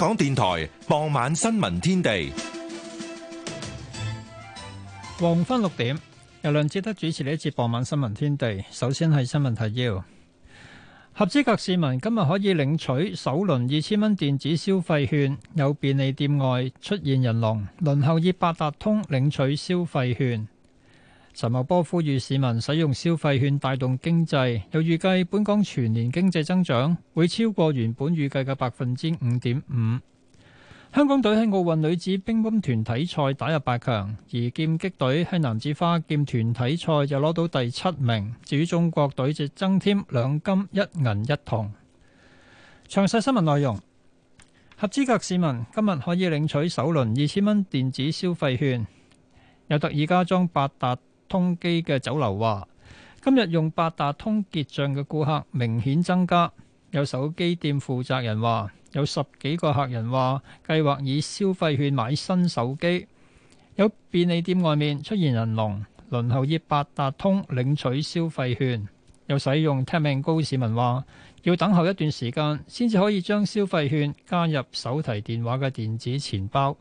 香港電台傍晚新聞天地，黃昏六點，由梁志德主持呢一節傍晚新聞天地。首先係新聞提要，合資格市民今日可以領取首輪二千蚊電子消費券，有便利店外出現人龍，輪候以八達通領取消費券。陳茂波呼籲市民使用消費券帶動經濟，又預計本港全年經濟增長會超過原本預計嘅百分之五點五。香港隊喺奧運女子乒乓團體賽打入八強，而劍擊隊喺男子花劍團體賽又攞到第七名。至於中國隊，就增添兩金一銀一銅。詳細新聞內容，合資格市民今日可以領取首輪二千蚊電子消費券，有特意加裝八達。通機嘅酒樓話：今日用八達通結帳嘅顧客明顯增加。有手機店負責人話：有十幾個客人話計劃以消費券買新手機。有便利店外面出現人龍，輪候以八達通領取消費券。有使用 Tap & Go 嘅市民話：要等候一段時間先至可以將消費券加入手提電話嘅電子錢包。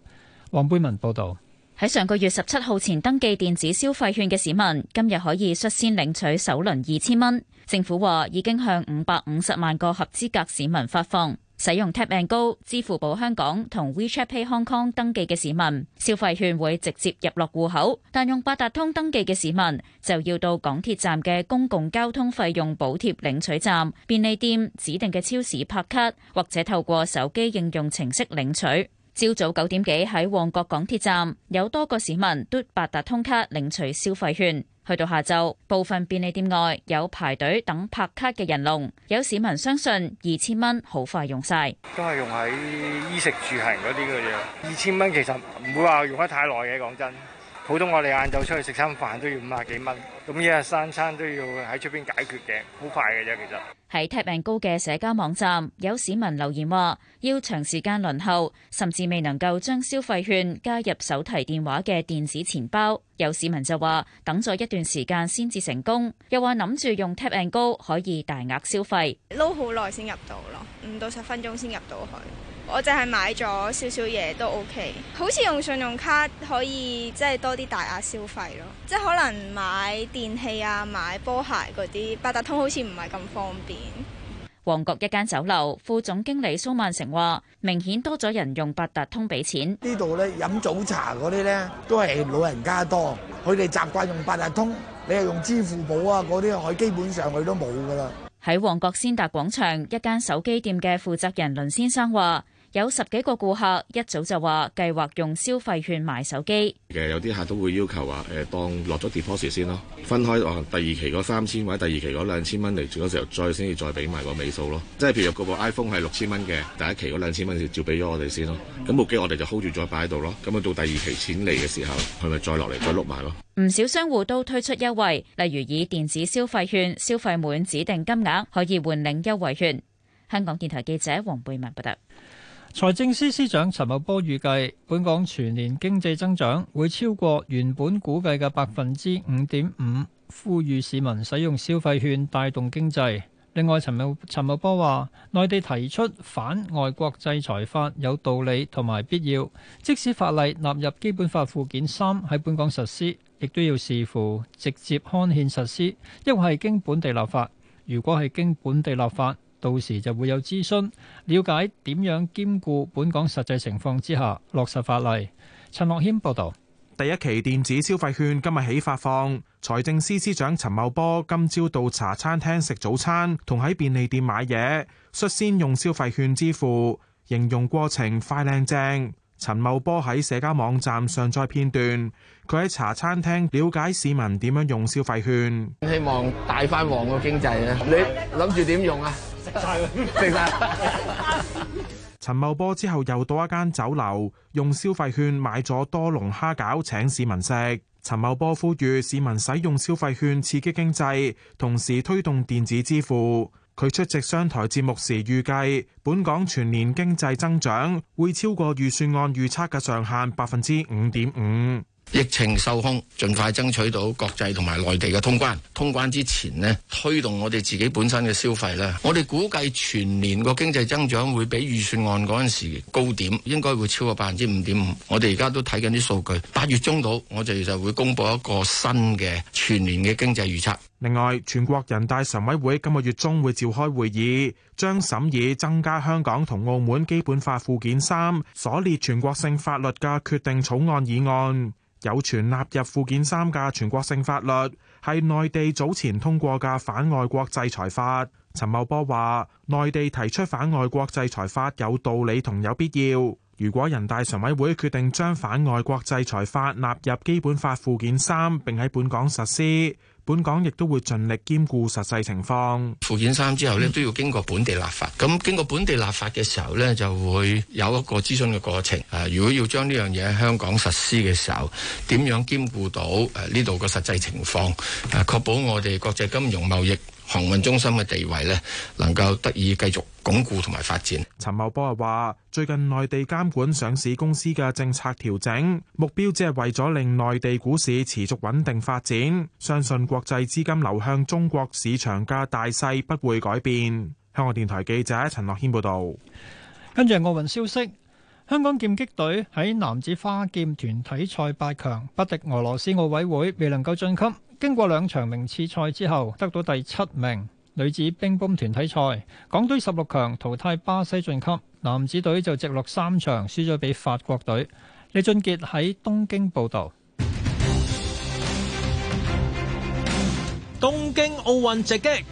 黃貝文報導。喺上個月十七號前登記電子消費券嘅市民，今日可以率先領取首輪二千蚊。政府話已經向五百五十萬個合資格市民發放。使用 Tap and Go、支付寶香港同 WeChat Pay Hong Kong 登記嘅市民，消費券會直接入落戶口。但用八達通登記嘅市民，就要到港鐵站嘅公共交通費用補貼領取站、便利店指定嘅超市拍卡，或者透過手機應用程式領取。朝早九點幾喺旺角港鐵站，有多個市民嘟八達通卡領取消費券。去到下晝，部分便利店外有排隊等拍卡嘅人龍。有市民相信二千蚊好快用晒，都係用喺衣食住行嗰啲嘅嘢。二千蚊其實唔會話用得太耐嘅，講真。普通我哋晏晝出去食餐飯都要五啊幾蚊，咁一日三餐都要喺出邊解決嘅，好快嘅啫。其實喺 TapAndGo 嘅社交網站有市民留言話，要長時間輪候，甚至未能夠將消費券加入手提電話嘅電子錢包。有市民就話等咗一段時間先至成功，又話諗住用 TapAndGo 可以大額消費，撈好耐先入到咯，五到十分鐘先入到去。我就係買咗少少嘢都 OK，好似用信用卡可以即係多啲大額消費咯，即係可能買電器啊、買波鞋嗰啲，八達通好似唔係咁方便。旺角一間酒樓副總經理蘇萬成話，明顯多咗人用八達通俾錢。呢度咧飲早茶嗰啲咧，都係老人家多，佢哋習慣用八達通，你係用支付寶啊嗰啲，我基本上佢都冇㗎喇。喺旺角先達廣場一間手機店嘅負責人林先生話。有十幾個顧客一早就話計劃用消費券買手機嘅，有啲客都會要求話誒、呃、當落咗 deposit 先咯，分開，哦、第二期嗰三千或者第二期嗰兩千蚊嚟住嗰時候，再先至再俾埋個尾數咯。即係譬如嗰部 iPhone 係六千蚊嘅，第一期嗰兩千蚊就照俾咗我哋先咯。咁部機我哋就 hold 住再擺喺度咯。咁啊到第二期錢嚟嘅時候，佢咪再落嚟再碌埋咯。唔少商戶都推出優惠，例如以電子消費券消費滿指定金額可以換領優惠券。香港電台記者黃貝文報道。不得財政司司長陳茂波預計，本港全年經濟增長會超過原本估計嘅百分之五點五，呼籲市民使用消費券帶動經濟。另外，陳茂陳茂波話，內地提出反外國制裁法有道理同埋必要，即使法例納入基本法附件三喺本港實施，亦都要視乎直接刊憲實施，一係經本地立法。如果係經本地立法。到時就會有諮詢，了解點樣兼顧本港實際情況之下落實法例。陳樂謙報導，第一期電子消費券今日起發放。財政司司長陳茂波今朝到茶餐廳食早餐，同喺便利店買嘢，率先用消費券支付，形容過程快靚正。陳茂波喺社交網站上載片段，佢喺茶餐廳了解市民點樣用消費券。希望帶翻旺個經濟啊！你諗住點用啊？陳 茂波之後又到一間酒樓，用消費券買咗多龍蝦餃請市民食。陳茂波呼籲市民使用消費券刺激經濟，同時推動電子支付。佢出席商台節目時預計，本港全年經濟增長會超過預算案預測嘅上限百分之五點五。疫情受控，盡快爭取到國際同埋內地嘅通關。通關之前咧，推動我哋自己本身嘅消費啦。我哋估計全年個經濟增長會比預算案嗰陣時高點，應該會超過百分之五點五。我哋而家都睇緊啲數據，八月中到我哋就會公布一個新嘅全年嘅經濟預測。另外，全國人大常委會今個月中會召開會議，將審議增加香港同澳門基本法附件三所列全國性法律嘅決定草案議案。有傳納入附件三嘅全國性法律係內地早前通過嘅反外國制裁法。陳茂波話：內地提出反外國制裁法有道理同有必要。如果人大常委會決定將反外國制裁法納入基本法附件三並喺本港實施。本港亦都會盡力兼顧實際情況。附件三之後咧，都要經過本地立法。咁經過本地立法嘅時候咧，就會有一個諮詢嘅過程。啊，如果要將呢樣嘢喺香港實施嘅時候，點樣兼顧到誒呢度嘅實際情況？誒、啊，確保我哋國際金融貿易。航運中心嘅地位呢，能夠得以繼續鞏固同埋發展。陳茂波又話，最近內地監管上市公司嘅政策調整，目標只係為咗令內地股市持續穩定發展，相信國際資金流向中國市場嘅大勢不會改變。香港電台記者陳樂謙報道。跟住奧運消息。香港劍擊隊喺男子花劍團體賽八強不敵俄羅斯奧委會，未能夠晉級。經過兩場名次賽之後，得到第七名。女子乒乓團體賽，港隊十六強淘汰巴西晉級，男子隊就直落三場輸咗俾法國隊。李俊傑喺東京報道。東京奧運直擊，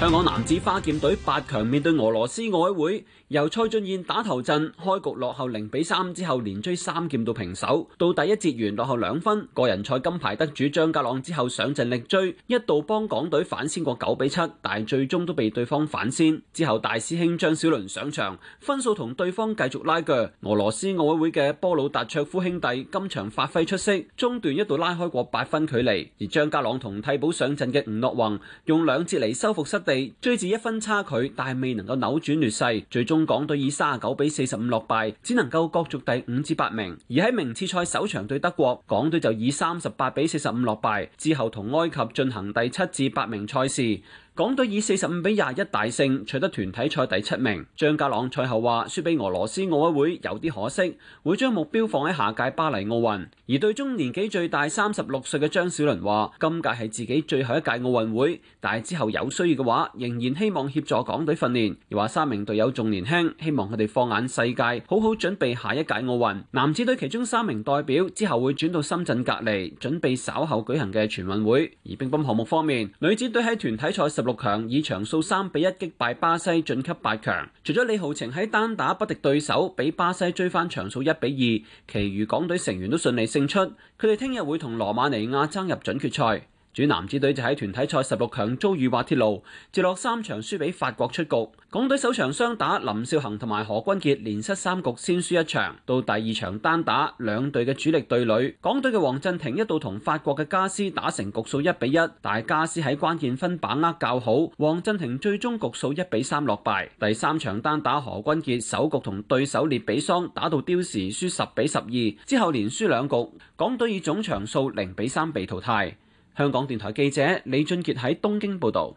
香港男子花劍隊八強面對俄羅斯奧委會。由蔡俊彥打頭陣，開局落後零比三之後，連追三劍到平手。到第一節完落後兩分，個人賽金牌得主張家朗之後上陣力追，一度幫港隊反先過九比七，但係最終都被對方反先。之後大師兄張小倫上場，分數同對，對方繼續拉鋸。俄羅斯奧委會嘅波魯達卓夫兄弟今場發揮出色，中段一度拉開過八分距離。而張家朗同替補上陣嘅吳諾宏用兩節嚟收復失地，追至一分差距，但係未能夠扭轉劣勢，最終，港隊以三十九比四十五落敗，只能夠角逐第五至八名。而喺名次賽首場對德國，港隊就以三十八比四十五落敗。之後同埃及進行第七至八名賽事。港隊以四十五比廿一大勝，取得團體賽第七名。張家朗賽後話：輸俾俄羅斯奧委會有啲可惜，會將目標放喺下屆巴黎奧運。而隊中年紀最大三十六歲嘅張小倫話：今屆係自己最後一屆奧運會，但係之後有需要嘅話，仍然希望協助港隊訓練。又話三名隊友仲年輕，希望佢哋放眼世界，好好準備下一屆奧運。男子隊其中三名代表之後會轉到深圳隔離，準備稍後舉行嘅全運會。而乒乓項目方面，女子隊喺團體賽十十六強以場數三比一擊敗巴西晉級八強，除咗李皓晴喺單打不敵對手，俾巴西追翻場數一比二，其餘港隊成員都順利勝出，佢哋聽日會同羅馬尼亞爭入準決賽。主男子隊就喺團體賽十六強遭遇滑鐵盧，接落三場輸俾法國出局。港隊首場雙打林少恒同埋何君傑連失三局，先輸一場。到第二場單打兩隊嘅主力對壘，港隊嘅黃鎮廷一度同法國嘅加斯打成局數一比一，但係加斯喺關鍵分把握較好，黃鎮廷最終局數一比三落敗。第三場單打何君傑首局同對手列比桑打到刁時輸十比十二，之後連輸兩局，港隊以總場數零比三被淘汰。香港電台記者李俊杰喺東京報道，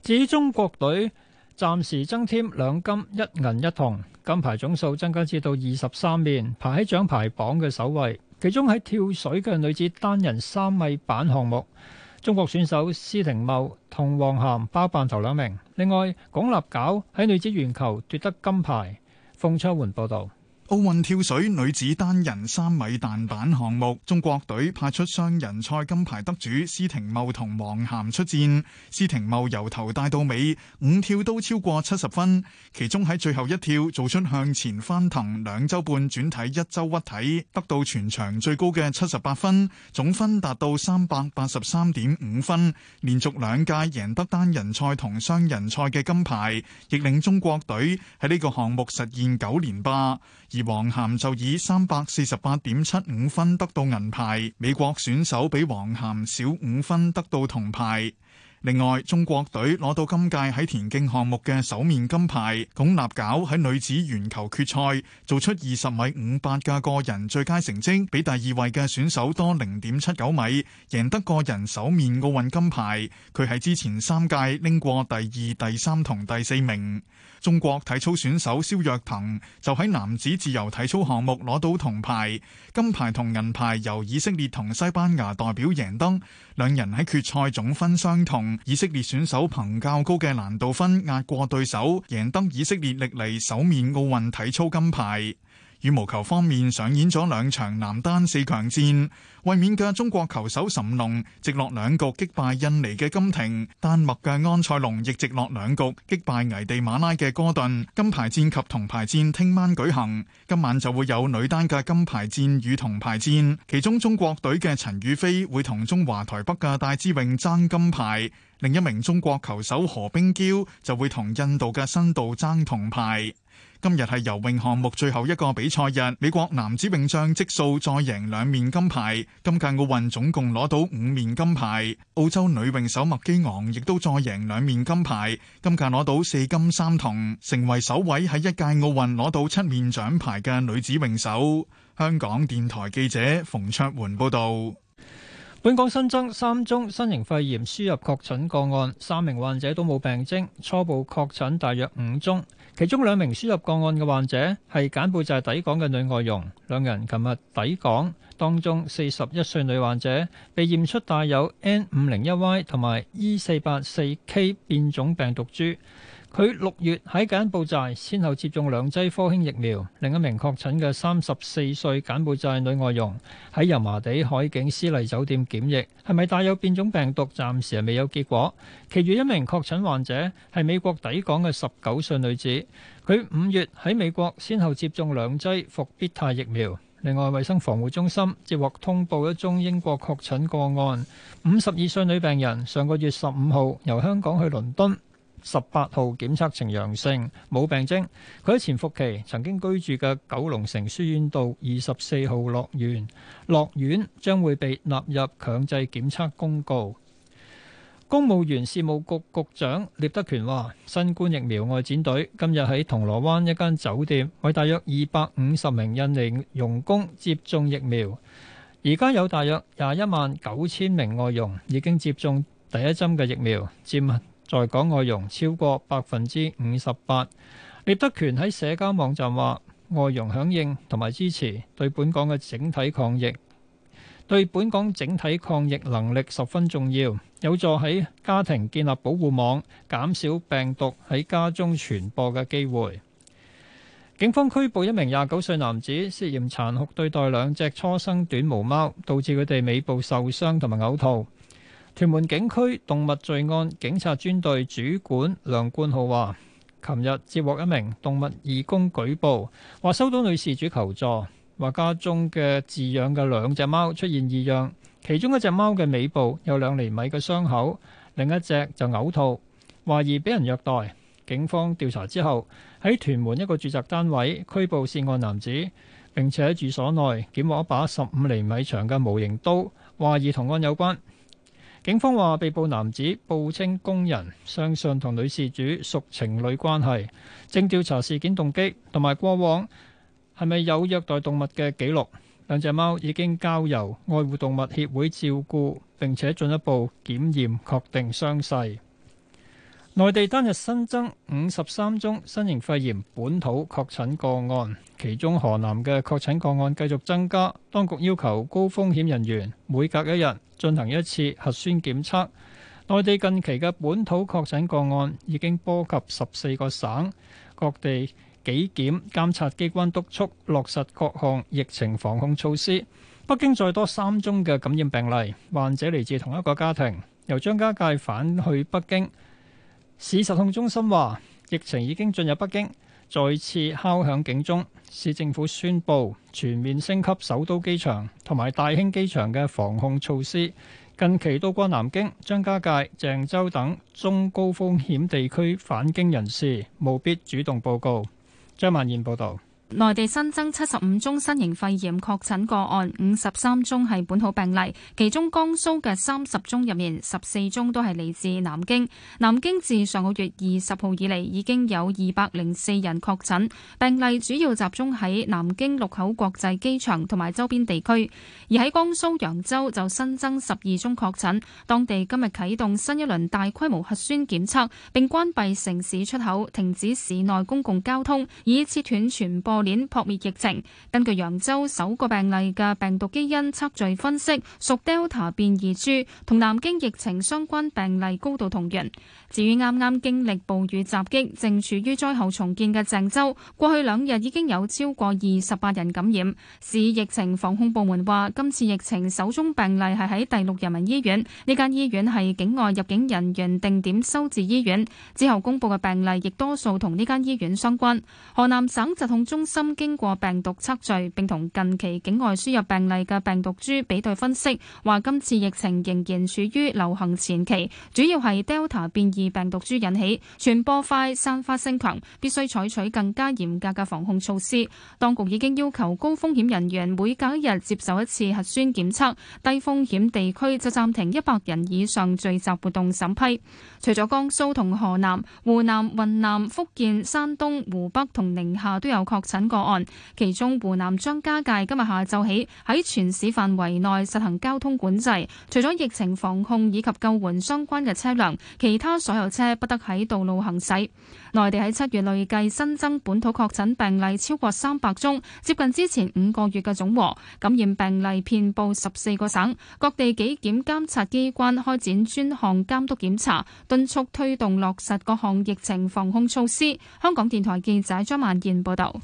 指中國隊暫時增添兩金一銀一銅，金牌總數增加至到二十三面，排喺獎牌榜嘅首位。其中喺跳水嘅女子單人三米板項目，中國選手施廷懋同王涵包辦頭兩名。另外，鞏立姣喺女子鉛球奪得金牌。馮卓煥報道。奧運跳水女子單人三米彈板項目，中國隊派出雙人賽金牌得主施廷懋同王涵出戰。施廷懋由頭帶到尾五跳都超過七十分，其中喺最後一跳做出向前翻騰兩周半轉體一周屈體，得到全場最高嘅七十八分，總分達到三百八十三點五分，連續兩屆贏得單人賽同雙人賽嘅金牌，亦令中國隊喺呢個項目實現九連霸。而王涵就以三百四十八點七五分得到銀牌，美國選手比王涵少五分得到銅牌。另外，中國隊攞到今屆喺田徑項目嘅首面金牌。鞏立姣喺女子鉛球決賽做出二十米五八嘅個人最佳成績，比第二位嘅選手多零點七九米，贏得個人首面奧運金牌。佢喺之前三屆拎過第二、第三同第四名。中國體操選手肖若騰就喺男子自由體操項目攞到銅牌。金牌同銀牌由以色列同西班牙代表贏得，兩人喺決賽總分相同。以色列選手憑較高嘅難度分壓過對手，贏得以色列歷嚟首面奧運體操金牌。羽毛球方面上演咗兩場男單四強戰，衛冕嘅中國球手諶龍直落兩局擊敗印尼嘅金廷，丹麥嘅安賽龍亦直落兩局擊敗危地馬拉嘅哥頓。金牌戰及銅牌戰聽晚舉行，今晚就會有女單嘅金牌戰與銅牌戰，其中中國隊嘅陳雨菲會同中華台北嘅戴資穎爭金牌，另一名中國球手何冰嬌就會同印度嘅辛杜爭銅牌。今日係游泳項目最後一個比賽日，美國男子泳將積數再贏兩面金牌，今屆奧運總共攞到五面金牌。澳洲女泳手麥基昂亦都再贏兩面金牌，今屆攞到四金三銅，成為首位喺一屆奧運攞到七面獎牌嘅女子泳手。香港電台記者馮卓媛報道。本港新增三宗新型肺炎輸入確診個案，三名患者都冇病徵，初步確診大約五宗。其中兩名輸入個案嘅患者係柬埔寨抵港嘅女外傭，兩人琴日抵港，當中四十一歲女患者被驗出帶有 N 五零一 Y 同埋 E 四八四 K 變種病毒株。佢六月喺柬埔寨先後接種兩劑科興疫苗，另一名確診嘅三十四歲柬埔寨女外傭喺油麻地海景絲麗酒店檢疫，係咪帶有變種病毒？暫時係未有結果。其餘一名確診患者係美國抵港嘅十九歲女子，佢五月喺美國先後接種兩劑復必泰疫苗。另外，衛生防護中心接獲通報一宗英國確診個案，五十二歲女病人上個月十五號由香港去倫敦。十八號檢測呈陽性，冇病徵。佢喺潛伏期曾經居住嘅九龍城書院道二十四號樂園，樂園將會被納入強制檢測公告。公務員事務局局局長聶德權話，新冠疫苗外展隊今日喺銅鑼灣一間酒店為大約二百五十名印尼傭工接種疫苗。而家有大約廿一萬九千名外傭已經接種第一針嘅疫苗，佔。在港外傭超過百分之五十八。聶德權喺社交網站話：外傭響應同埋支持對本港嘅整體抗疫，對本港整體抗疫能力十分重要，有助喺家庭建立保護網，減少病毒喺家中傳播嘅機會。警方拘捕一名廿九歲男子，涉嫌殘酷對待兩隻初生短毛貓，導致佢哋尾部受傷同埋嘔吐。屯門警區動物罪案警察專隊主管梁冠浩話，琴日接獲一名動物義工舉報，話收到女事主求助，話家中嘅飼養嘅兩隻貓出現異樣，其中一隻貓嘅尾部有兩厘米嘅傷口，另一隻就嘔吐，懷疑俾人虐待。警方調查之後，喺屯門一個住宅單位拘捕涉案男子，並且喺住所內檢獲一把十五厘米長嘅模型刀，懷疑同案有關。警方話，被捕男子報稱工人，相信同女事主屬情侶關係，正調查事件動機，同埋過往係咪有虐待動物嘅記錄。兩隻貓已經交由愛護動物協會照顧，並且進一步檢驗確定傷勢。內地單日新增五十三宗新型肺炎本土確診個案，其中河南嘅確診個案繼續增加。當局要求高風險人員每隔一日進行一次核酸檢測。內地近期嘅本土確診個案已經波及十四個省，各地紀檢監察機關督促落實各項疫情防控措施。北京再多三宗嘅感染病例，患者嚟自同一個家庭，由張家界返去北京。市疾控中心話，疫情已經進入北京，再次敲響警鐘。市政府宣布全面升級首都機場同埋大興機場嘅防控措施。近期到過南京、張家界、鄭州等中高風險地區返京人士，務必主動報告。張曼燕報導。內地新增七十五宗新型肺炎確診個案，五十三宗係本土病例，其中江蘇嘅三十宗入面，十四宗都係嚟自南京。南京自上個月二十號以嚟，已經有二百零四人確診，病例主要集中喺南京祿口國際機場同埋周邊地區。而喺江蘇揚州就新增十二宗確診，當地今日啟動新一輪大規模核酸檢測，並關閉城市出口，停止市內公共交通，以切斷傳播。撲滅疫情。根據揚州首個病例嘅病毒基因測序分析，屬 Delta 變異株，株，同南京疫情相關病例高度同源。至於啱啱經歷暴雨襲擊、正處於災後重建嘅鄭州，過去兩日已經有超過二十八人感染。市疫情防控部門話，今次疫情首宗病例係喺第六人民醫院，呢間醫院係境外入境人員定點收治醫院。之後公布嘅病例亦多數同呢間醫院相關。河南省疾控中心。深經過病毒測序並同近期境外輸入病例嘅病毒株比對分析，話今次疫情仍然處於流行前期，主要係 Delta 變異病毒株引起，傳播快、散發性強，必須採取更加嚴格嘅防控措施。當局已經要求高風險人員每隔一日接受一次核酸檢測，低風險地區就暫停一百人以上聚集活動審批。除咗江蘇同河南、湖南、雲南、福建、山東、湖北同寧夏都有確診個案，其中湖南張家界今日下晝起喺全市範圍內實行交通管制，除咗疫情防控以及救援相關嘅車輛，其他所有車不得喺道路行駛。內地喺七月累計新增本土確診病例超過三百宗，接近之前五個月嘅總和。感染病例遍佈十四個省，各地紀檢監察機關開展專項監督檢查，敦促推動落實各項疫情防控措施。香港電台記者張萬健報道。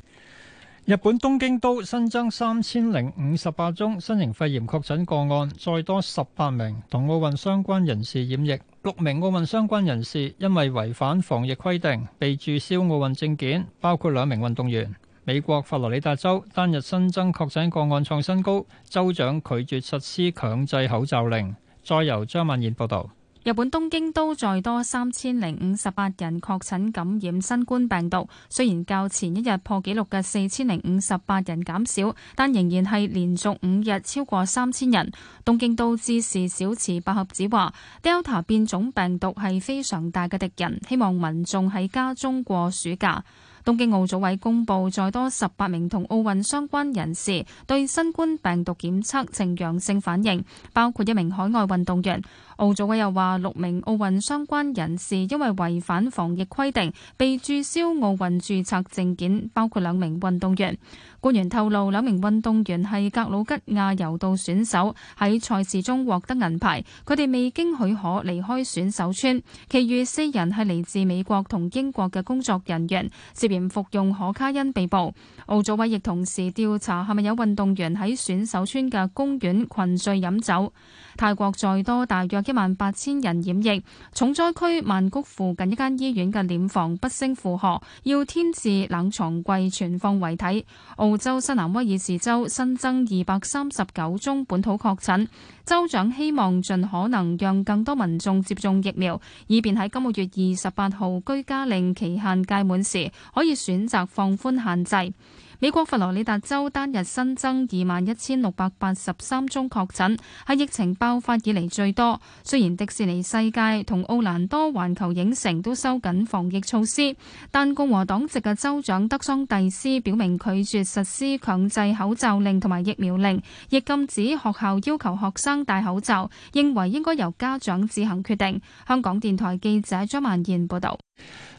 日本東京都新增三千零五十八宗新型肺炎確診個案，再多十八名同奧運相關人士染疫，六名奧運相關人士因為違反防疫規定被注銷奧運證件，包括兩名運動員。美國佛羅里達州單日新增確診個案創新高，州長拒絕實施強制口罩令。再由張曼燕報道。日本東京都再多三千零五十八人確診感染新冠病毒，雖然較前一日破紀錄嘅四千零五十八人減少，但仍然係連續五日超過三千人。東京都知事小池百合子話，Delta 變種病毒係非常大嘅敵人，希望民眾喺家中過暑假。東京奧組委公布再多十八名同奧運相關人士對新冠病毒檢測呈陽性反應，包括一名海外運動員。奧組委又話六名奧運相關人士因為違反防疫規定，被注銷奧運註冊證件，包括兩名運動員。官員透露，兩名運動員係格魯吉亞柔道選手，喺賽事中獲得銀牌，佢哋未經許可離開選手村。其餘四人係嚟自美國同英國嘅工作人員，涉嫌服用可卡因被捕。奧組委亦同時調查係咪有運動員喺選手村嘅公園群聚飲酒。泰國再多大約。一萬八千人染疫，重災區曼谷附近一間醫院嘅殮房不勝負荷，要添置冷藏櫃存放遺體。澳洲新南威爾士州新增二百三十九宗本土確診，州長希望盡可能讓更多民眾接種疫苗，以便喺今個月二十八號居家令期限屆滿時，可以選擇放寬限制。美國佛羅里達州單日新增二萬一千六百八十三宗確診，係疫情爆發以嚟最多。雖然迪士尼世界同奧蘭多環球影城都收緊防疫措施，但共和黨籍嘅州長德桑蒂斯表明拒絕實施強制口罩令同埋疫苗令，亦禁止學校要求學生戴口罩，認為應該由家長自行決定。香港電台記者張曼燕報道。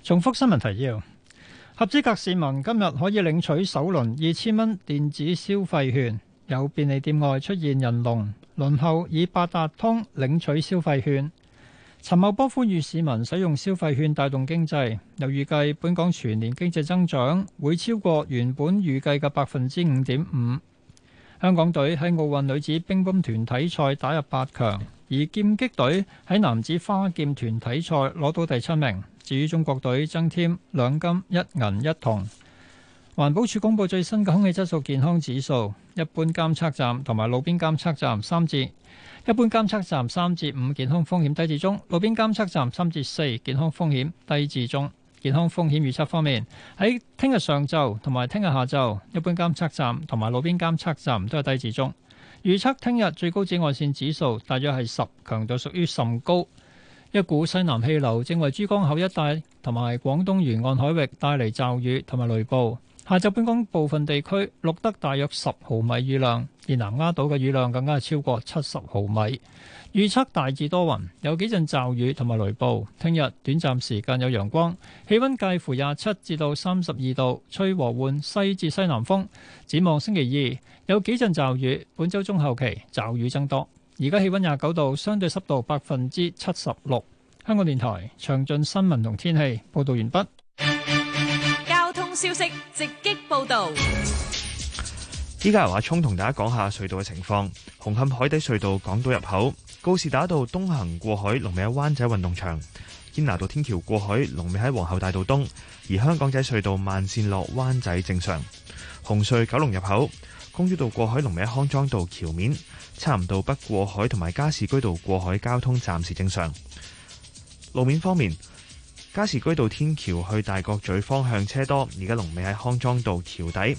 重複新聞提要。合資格市民今日可以領取首輪二千蚊電子消費券，有便利店外出現人龍，輪候以八達通領取消費券。陳茂波呼籲市民使用消費券帶動經濟，又預計本港全年經濟增長會超過原本預計嘅百分之五點五。香港隊喺奧運女子乒乓團體賽打入八強。而劍擊隊喺男子花劍團體賽攞到第七名。至於中國隊增添兩金一銀一銅。環保署公布最新嘅空氣質素健康指數，一般監測站同埋路邊監測站三至，一般監測站三至五，健康風險低至中，路邊監測站三至四，健康風險低至中。健康風險預測方面，喺聽日上晝同埋聽日下晝，一般監測站同埋路邊監測站都係低至中。預測聽日最高紫外線指數大約係十，強度屬於甚高。一股西南氣流正為珠江口一帶同埋廣東沿岸海域帶嚟驟雨同埋雷暴。下晝本港部分地區錄得大約十毫米雨量，而南丫島嘅雨量更加係超過七十毫米。預測大致多雲，有幾陣驟雨同埋雷暴。聽日短暫時間有陽光，氣温介乎廿七至到三十二度，吹和緩西至西南風。展望星期二有幾陣驟雨，本週中後期驟雨增多。而家氣温廿九度，相對濕度百分之七十六。香港電台詳盡新聞同天氣報導完畢。消息直擊報道，依家由阿聰同大家講下隧道嘅情況。紅磡海底隧道港島入口、告士打道東行過海龍尾喺灣仔運動場、堅拿道天橋過海龍尾喺皇后大道東，而香港仔隧道慢綫落灣仔正常。紅隧九龍入口、公主道過海龍尾喺康莊道橋面，差唔多北過海同埋加士居道過海交通暫時正常。路面方面。加士居道天橋去大角咀方向車多，而家龍尾喺康莊道橋底，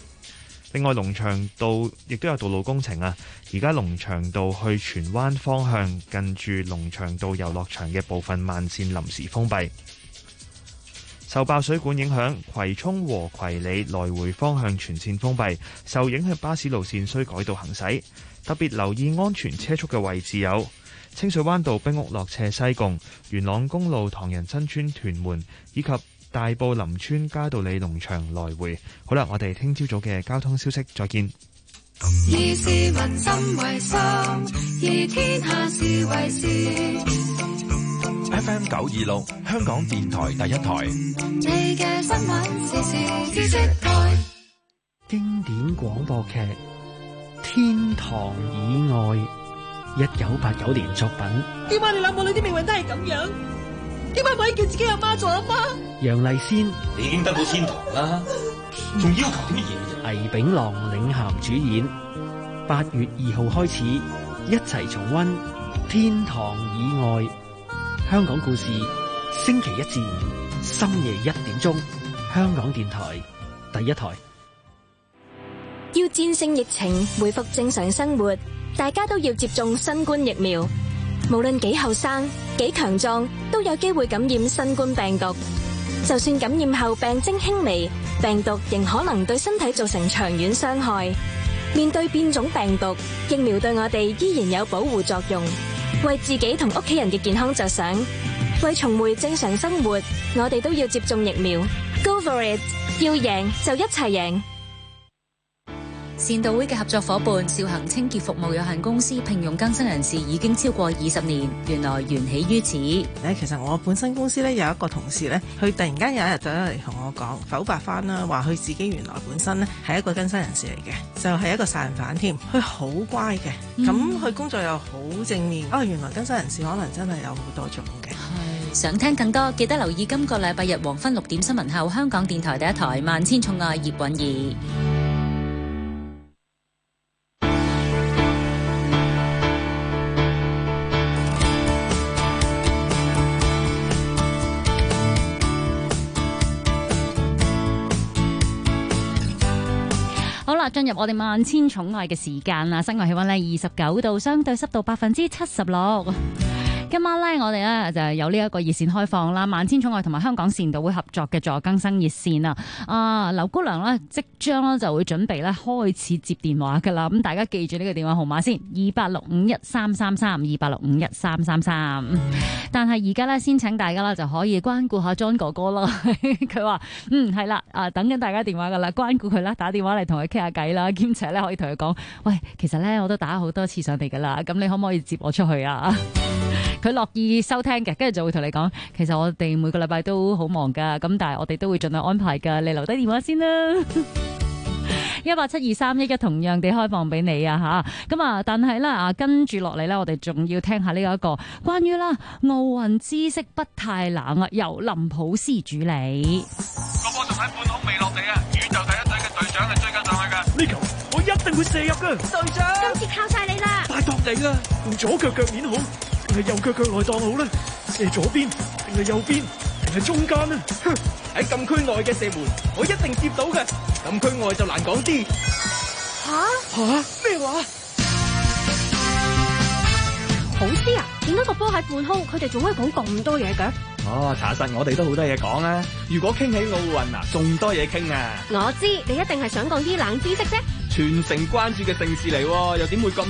另外，龍翔道亦都有道路工程啊。而家龍翔道去荃灣方向近住龍翔道遊樂場嘅部分慢線臨時封閉。受爆水管影響，葵涌和葵里來回方向全線封閉，受影響巴士路線需改道行駛。特別留意安全車速嘅位置有。清水灣道冰屋，落斜，西貢元朗公路，唐人新村，屯門，以及大埔林村嘉道理農場來回。好啦，我哋聽朝早嘅交通消息，再見。以民心為心，以天下事為事。F M 九二六香港電台第一台。你嘅新聞時事知識台經典廣播劇《天堂以外》。一九八九年作品。點解你兩母女啲命運都係咁樣？點解唔可以叫自己阿媽做阿媽？楊麗麗仙，你已經得到天堂啦，仲要求啲乜嘢？倪炳郎領銜主演，八月二號開始一齊重溫《天堂以外》香港故事。星期一至五深夜一點鐘，香港電台第一台。要戰勝疫情，回復正常生活，大家都要接種新冠疫苗，無論幾後生、幾強壯，都有機會感染新冠病毒。就算感染後病徵輕微，病毒仍可能對身體造成長遠傷害。面對變種病毒，疫苗對我哋依然有保護作用。為自己同屋企人嘅健康着想，為重回正常生活，我哋都要接種疫苗。Go for it！要贏就一齊贏。善道會嘅合作夥伴紹恒清潔服務有限公司聘用更新人士已經超過二十年，原來緣起於此。誒，其實我本身公司咧有一個同事咧，佢突然間有一日走嚟同我講，剖白返啦，話佢自己原來本身咧係一個更新人士嚟嘅，就係、是、一個殺人犯添。佢好乖嘅，咁佢、嗯、工作又好正面。哦，原來更新人士可能真係有好多種嘅。係、嗯，想聽更多記得留意今個禮拜日黃昏六點新聞後，香港電台第一台萬千寵愛葉蘊儀。好啦，進入我哋萬千寵愛嘅時間啦！室外氣溫呢，二十九度，相對濕度百分之七十六。今晚咧，我哋咧就係有呢一個熱線開放啦，萬千寵愛同埋香港善導會合作嘅助更生熱線啊！啊，劉姑娘呢，即將咧就會準備咧開始接電話噶啦，咁大家記住呢個電話號碼先，二八六五一三三三，二八六五一三三三。但係而家呢，先請大家啦就可以關顧下莊哥哥咯。佢 話：嗯，係啦，啊，等緊大家電話噶啦，關顧佢啦，打電話嚟同佢傾下偈啦，兼且咧可以同佢講，喂，其實咧我都打咗好多次上嚟噶啦，咁你可唔可以接我出去啊？佢樂意收聽嘅，跟住就會同你講。其實我哋每個禮拜都好忙噶，咁但係我哋都會盡量安排噶。你留低電話先啦，一八七二三一一，同樣地開放俾你啊吓。咁啊，但係啦，啊，跟住落嚟咧，我哋仲要聽下呢、這、一個關於啦奧運知識不太冷啊，由林普斯主理。個波仲喺半空未落地啊！宇宙第一隊嘅隊長係追加上去噶，呢球、這個、我一定會射入噶。隊長今次靠晒。當你啦，用左腳腳面好，定係右腳腳內盪好咧？射左邊，定係右邊，定係中間咧？哼，喺禁區內嘅射門，我一定接到嘅。禁區外就難講啲。吓吓咩話？好啲啊？點解個波喺半空，佢哋仲可以講咁多嘢㗎？哦，查實我哋都好多嘢講啊！如果傾起奧運啊，仲多嘢傾啊！我知你一定係想講啲冷知識啫。全城關注嘅盛事嚟，又點會咁？